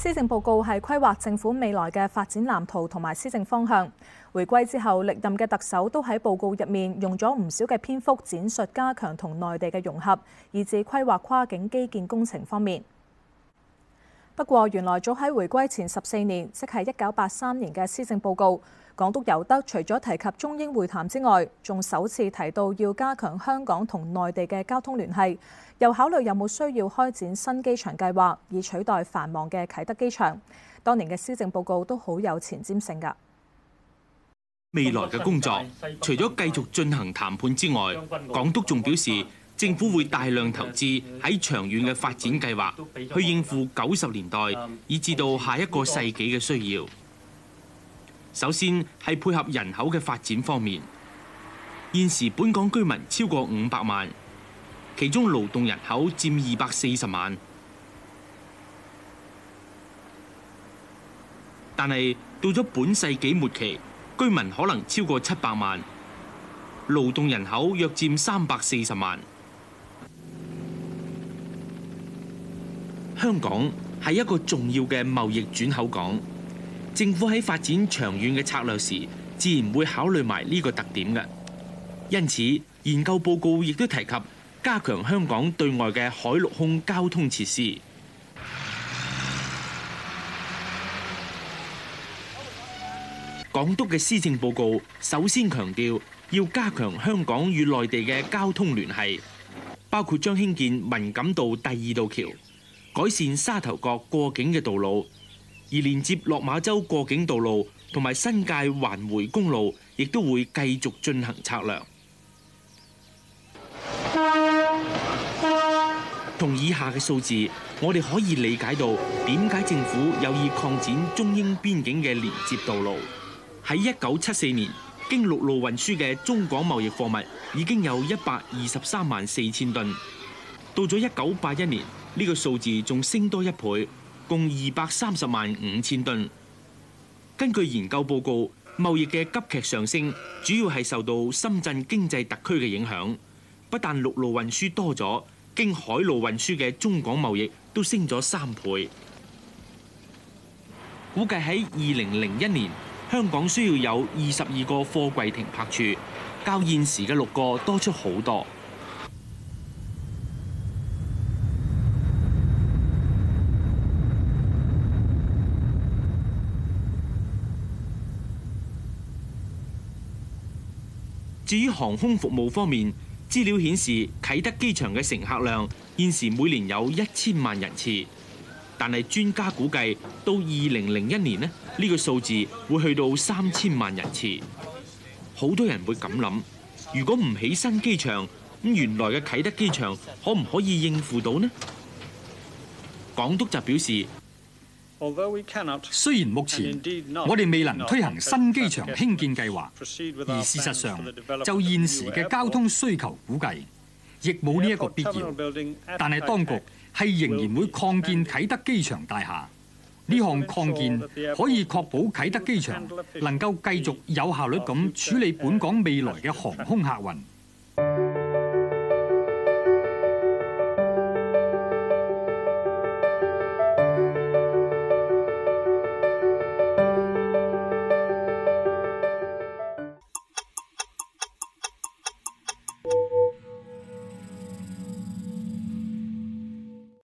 施政報告係規劃政府未來嘅發展藍圖同埋施政方向。回歸之後，歷任嘅特首都喺報告入面用咗唔少嘅篇幅展述加強同內地嘅融合，以至規劃跨境基建工程方面。不過，原來早喺回歸前十四年，即係一九八三年嘅施政報告，港督尤德除咗提及中英會談之外，仲首次提到要加強香港同內地嘅交通聯繫，又考慮有冇需要開展新機場計劃，以取代繁忙嘅啟德機場。當年嘅施政報告都好有前瞻性㗎。未來嘅工作，除咗繼續進行談判之外，港督仲表示：政府會大量投資喺長遠嘅發展計劃，去應付九十年代以至到下一個世紀嘅需要。首先係配合人口嘅發展方面，現時本港居民超過五百萬，其中勞動人口佔二百四十萬。但係到咗本世紀末期，居民可能超過七百萬，勞動人口約佔三百四十萬。香港係一個重要嘅貿易轉口港，政府喺發展長遠嘅策略時，自然會考慮埋呢個特點嘅。因此，研究報告亦都提及加強香港對外嘅海陸空交通設施。港督嘅施政報告首先強調要加強香港與內地嘅交通聯繫，包括將興建文錦渡第二道橋。改善沙頭角過境嘅道路，而連接落馬洲過境道路同埋新界環回公路，亦都會繼續進行測量。同以下嘅數字，我哋可以理解到點解政府有意擴展中英邊境嘅連接道路。喺，一九七四年，經陸路運輸嘅中港貿易貨物已經有一百二十三萬四千噸。到咗一九八一年，呢個數字仲升多一倍，共二百三十萬五千噸。根據研究報告，貿易嘅急劇上升，主要係受到深圳經濟特區嘅影響。不但陸路運輸多咗，經海路運輸嘅中港貿易都升咗三倍。估計喺二零零一年，香港需要有二十二個貨櫃停泊處，較現時嘅六個多出好多。至於航空服務方面，資料顯示啟德機場嘅乘客量現時每年有一千萬人次，但係專家估計到二零零一年呢，呢個數字會去到三千萬人次。好多人會咁諗，如果唔起新機場，咁原來嘅啟德機場可唔可以應付到呢？港督就表示。雖然目前我哋未能推行新機場興建計劃，而事實上就現時嘅交通需求估計，亦冇呢一個必要。但係當局係仍然會擴建啟德機場大廈。呢項擴建可以確保啟德機場能夠繼續有效率咁處理本港未來嘅航空客運。